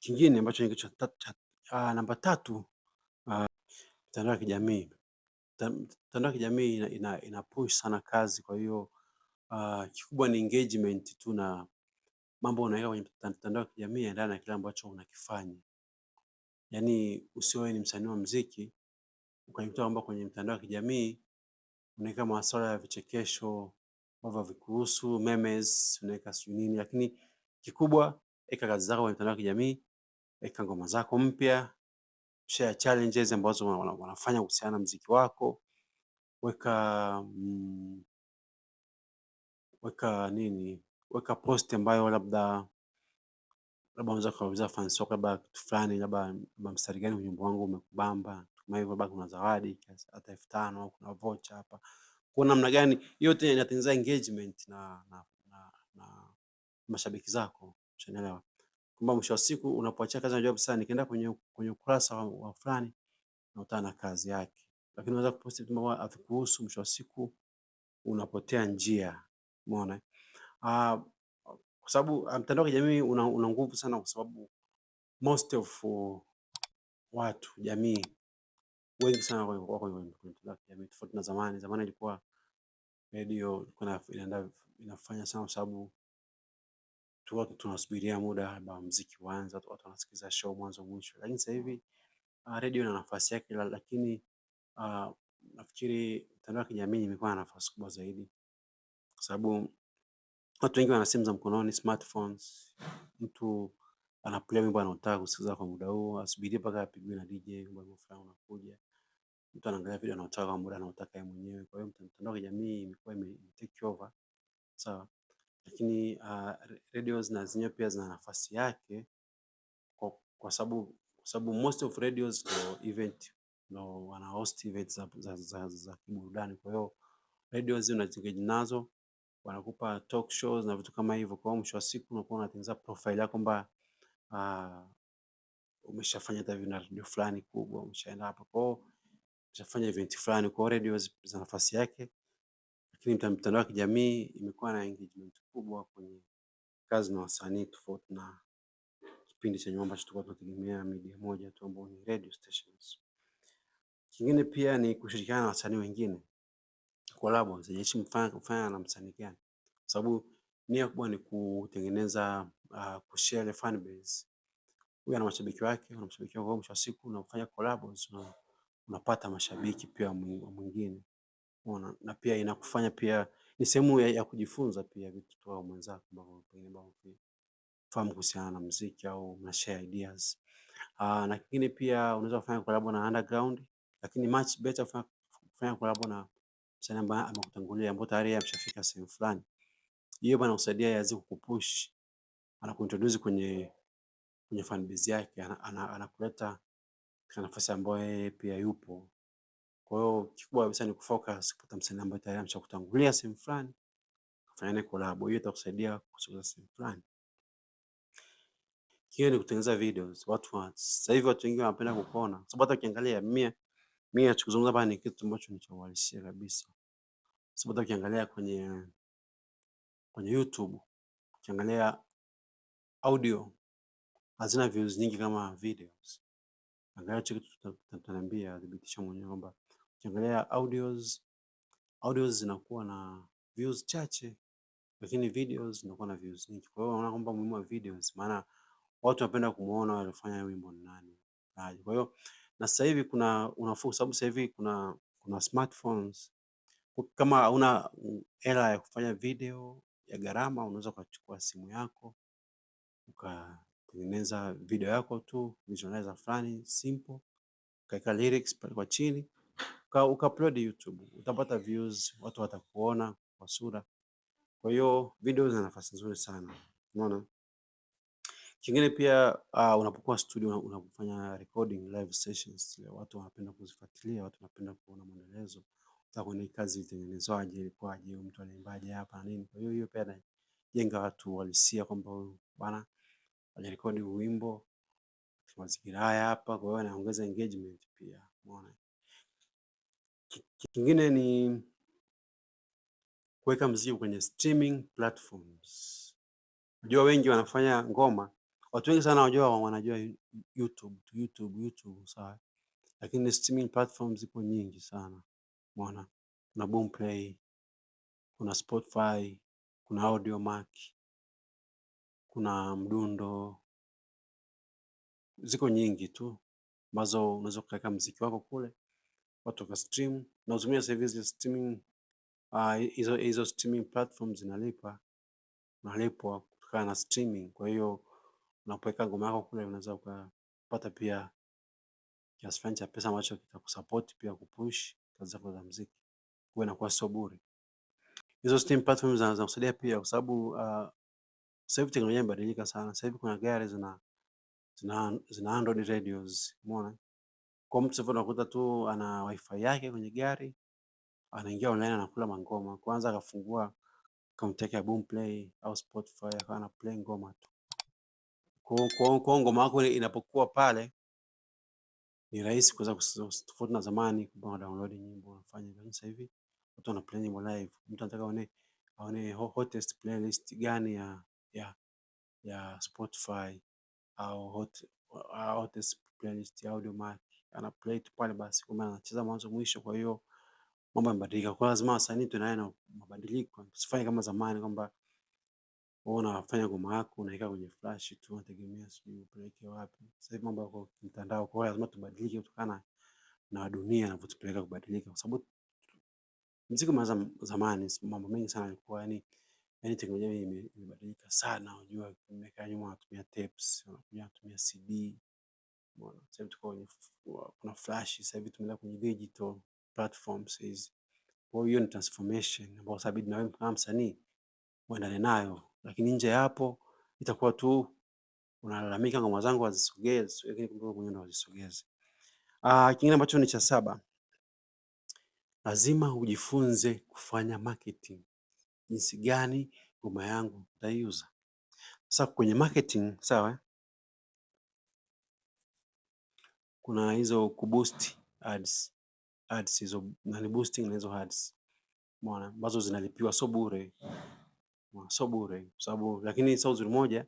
Kingine ambacho ni kichwa cha ah, namba tatu, ah, mitandao ya kijamii. Mitandao ya kijamii ina, ina, ina push sana kazi, kwa hiyo uh, kikubwa ni engagement tu na mambo unaweka kwenye mitandao ya kijamii yaendana na kile ambacho unakifanya. Yaani usiwe ni msanii wa muziki ukajikuta kwamba kwenye mitandao ya kijamii unaweka masuala ya vichekesho ambavyo vikuhusu memes, unaweka sijui nini, lakini kikubwa eka kazi zako kwenye mitandao ya kijamii weka ngoma zako mpya, share challenges ambazo wanafanya kuhusiana na mziki wako, weka mm, weka nini, weka post ambayo labda labda unaweza kuuliza fans wako labda kitu fulani, labda mstari gani kwenye wimbo wangu umekubamba, kama hivyo labda kuna zawadi kiasi hata elfu tano au kuna vocha hapa, kwa namna gani yote inatengeneza engagement na, na, na, na mashabiki zako, ushanielewa kwamba mwisho wa siku unapoachia kazi unajua sasa nikienda kwenye kwenye ukurasa wa, wa fulani unakutana na kazi yake. Lakini unaweza kuposti mambo avikuhusu, mwisho wa siku unapotea njia. Umeona? Ah, kwa sababu ah, mtandao wa kijamii una, una nguvu sana kwa sababu most of uh, watu jamii wengi sana wako kwenye mtandao wa kijamii tofauti na zamani. Zamani ilikuwa redio ilikuwa inaenda- inafanya sana kwa sababu tulikuwa tunasubiria muda wa mziki uanze, watu wanasikiza show mwanzo mwisho, lakini sasa hivi uh, radio ina nafasi yake, lakini uh, nafikiri mitandao ya kijamii imekuwa na nafasi kubwa zaidi, kwa sababu watu wengi wana simu za mkononi smartphones. Mtu anaplay wimbo anaotaka kusikiza kwa muda huo, asubiri mpaka apigwe na DJ wimbo fulani unakuja. Mtu anaangalia video anaotaka kwa muda anaotaka yeye mwenyewe. Kwa hiyo mtandao wa kijamii imekuwa ime take over, sawa So, lakini uh, re- radios na zenyewe pia zina nafasi yake kwa, kwa sababu sababu most of radios ndo event ndo wana host events za, za, za, za kiburudani. Kwa hiyo radios unaengage nazo, wanakupa talk shows na vitu kama hivyo. Kwa hiyo mwisho wa siku unakuwa unatengeneza profile yako kwamba uh, ah, umeshafanya interview na radio fulani kubwa, umeshaenda hapa kwa hiyo umeshafanya event fulani. Kwa hiyo radios zina nafasi yake lakini mitandao ya kijamii imekuwa na engagement kubwa kwenye kazi na wasanii tofauti na kipindi cha nyuma ambacho tulikuwa tunategemea media moja tu ambayo ni radio stations. Kingine pia ni kushirikiana na wasanii wengine collabo, haijalishi mfanya na msanii gani, kwa sababu nia kubwa ni kutengeneza uh, kushare fan base. Huyu ana mashabiki wake, ana mashabiki wake, mwisho wa siku unafanya collabs, unapata mashabiki pia mwingine. Unaona, na pia inakufanya pia ni sehemu ya, ya kujifunza pia vitu kwa mwenzako ambavyo pengine ambavyo fahamu kuhusiana na muziki au na share ideas. Ah, na kingine pia unaweza kufanya collab na underground, lakini much better kufanya collab na msanii ambaye amekutangulia ambaye tayari ameshafika sehemu fulani. Hiyo bana usaidia yazi azidi kukupush, anakuintroduce kwenye kwenye fan base yake, anakuleta ana- ana- anakuleta katika nafasi ambayo yeye pia yupo. Kwa hiyo kikubwa kabisa ni kufocus, kwa msanii ambaye tayari ameshakutangulia sehemu fulani, kufanya naye collab. Hiyo itakusaidia kusogeza sehemu fulani. Hiyo ni kutengeneza videos. Watu wa sasa hivi, watu wengi wanapenda kukuona, sababu hata ukiangalia mia mia, nachokizungumza hapa ni kitu ambacho ni cha uhalisia kabisa, sababu hata ukiangalia kwenye kwenye YouTube, ukiangalia audio hazina views nyingi kama videos. Angalia hicho kitu, utaniambia, thibitisha mwenyewe kwamba Ukiangalia audios, audios zinakuwa na views chache, lakini videos zinakuwa na views nyingi. Kwa hiyo unaona kwamba muhimu wa videos, maana watu wanapenda kumuona alifanya wimbo ni nani. Kwa hiyo na sasa hivi kuna una fursa, sababu sasa hivi kuna kuna smartphones kama una hela ya kufanya video ya gharama, unaweza kuchukua simu yako ukatengeneza video yako tu visualizer fulani simple, ukaweka lyrics pale kwa chini, ukaupload YouTube, utapata views, watu watakuona kwa sura. Kwa hiyo video zina nafasi nzuri sana, unaona? Kingine pia uh, unapokuwa studio unapofanya recording live sessions, watu wanapenda kuzifuatilia, watu wanapenda kuona mwendelezo, utakuwa kazi itengenezwaje, ilikuwaje, huyu mtu aliimbaje hapa na nini. Kwa hiyo hiyo pia inajenga watu walisia kwamba huyu bwana alirekodi wimbo mazingira haya hapa, kwa hiyo anaongeza engagement pia, unaona? Kitu kingine ni kuweka mziki kwenye streaming platforms. Unajua wengi wanafanya ngoma, watu wengi sana wajua, wanajua YouTube, YouTube, YouTube sawa, lakini streaming platforms zipo nyingi sana. Umeona, kuna Boomplay, kuna Spotify, kuna Audiomack, kuna Mdundo, ziko nyingi tu ambazo unaweza ukaweka mziki wako kule watu waka stream na utumia service ya streaming ah, hizo uh, hizo streaming platforms zinalipa, unalipwa kutokana na streaming. Kwa hiyo unapoweka ngoma yako kule, unaweza ukapata pia kiasi fulani cha pesa ambacho kitakusupport pia kupush kazi zako za muziki, huwa inakuwa sio bure. Hizo streaming platforms zinakusaidia pia kwa sababu uh, sasa hivi teknolojia imebadilika sana. Sasa hivi kuna gari zina zina zina Android radios, umeona kwa mtu hivi unakuta tu ana wifi yake kwenye gari, anaingia online anakula mangoma. Kwanza akafungua akaunti yake ya Boomplay au Spotify akawa play ngoma tu. Kwa kwa kwa ngoma yako inapokuwa pale ni rahisi kuweza kutofauti na zamani kwa download nyimbo unafanya, lakini sasa hivi watu wana play nyimbo live. Mtu anataka aone aone hottest playlist gani ya ya ya Spotify au hot, hottest playlist ya Audiomack anaplay tu pale basi, kumbe anacheza mwanzo mwisho. Kwa hiyo mambo yamebadilika, kwa lazima wasanii tunaye na mabadiliko, tusifanye kama zamani kwamba wewe unafanya ngoma yako unaweka kwenye flash tu, unategemea sijui upeleke wapi. Sasa hivi mambo yako mtandao, kwa hiyo lazima tubadilike kutokana na dunia inavyotupeleka kubadilika, kwa sababu muziki wa zamani mambo mengi sana yalikuwa yani yani teknolojia imebadilika sana. Unajua, miaka ya nyuma wanatumia tapes, wanatumia CD Umeona, sasa hivi tuko kwenye kuna flash, sasa hivi tumeenda kwenye digital platforms hizi. Kwa hiyo ni transformation ambayo sasa inabidi na wewe kama msanii uendane nayo, lakini nje hapo itakuwa tu unalalamika ngoma zangu hazisogezi, lakini kumbe kwenye ndo hazisogezi. Ah, kingine ambacho ni cha saba, lazima ujifunze kufanya marketing, jinsi gani ngoma yangu nitaiuza. Sasa kwenye marketing sawa, eh? kuna hizo kuboost ads, ads hizo boosting na hizo ads ambazo zinalipiwa so bure, so bure sababu, lakini sio uzuri moja.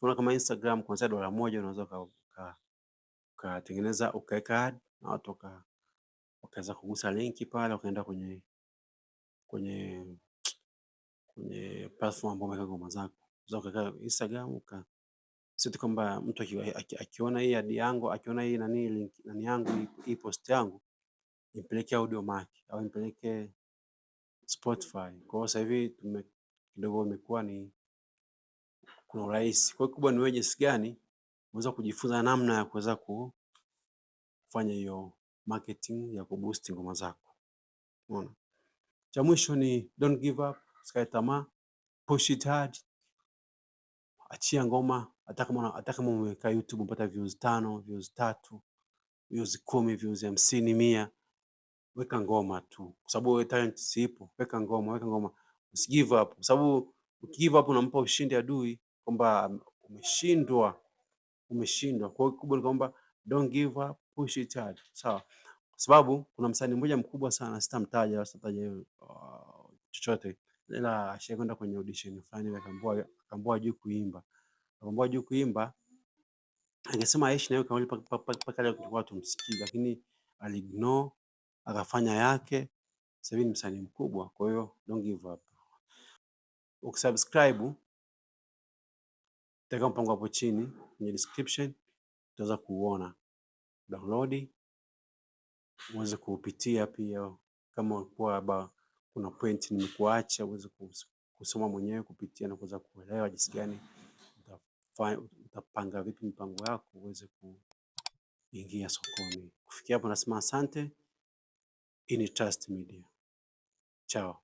kuna kama Instagram kuanzia dola moja unaweza ukatengeneza ukaweka ad na watu wakaweza kugusa linki pale wakaenda kwenye kwenye kwenye platform ambayo umeweka ngoma zako, unaweza ukaweka Instagram uka sio tu kwamba mtu akiona hii ad yangu, akiona hii nani link nani yangu, hii post yangu impeleke mark au impeleke Spotify. Kwa hiyo sasa hivi kidogo imekuwa ni kuna urahisi. Kwa hiyo kubwa ni wewe jinsi gani unaweza kujifunza namna ya kuweza kufanya hiyo marketing ya kuboost ngoma zako. Unaona? Cha mwisho ni don't give up, usikate tamaa, push it hard, achia ngoma, hata kama hata kama umeweka YouTube mpata views tano, views tatu, views kumi, views hamsini, mia, weka ngoma tu, kwa sababu wewe talent sipo. Weka ngoma, weka ngoma, give up, kwa sababu ukigive up unampa ushindi adui kwamba umeshindwa, umeshindwa. Kwa hiyo kubwa ni kwamba don't give up, push it hard, sawa. Kwa sababu kuna msanii mmoja mkubwa sana, sitamtaja, sitamtaja ah, chochote, ila ashakwenda kwenye audition fulani, akaambiwa akaambiwa juu kuimba akamwambia juu kuimba, angesema aishi nayo kauli mpaka leo tulikuwa tumsikii, lakini alignore akafanya yake. Sasa hivi ni msanii mkubwa, kwa hiyo don't give up. Ukisubscribe taka mpango hapo chini kwenye description utaweza kuuona, download uweze kuupitia pia, kama kwa ba kuna point nimekuacha uweze kusoma mwenyewe kupitia na kuweza kuelewa jinsi gani utapanga vipi mipango yako uweze kuingia sokoni. Kufikia hapo nasema asante. Hii ni Trust Media. Chao.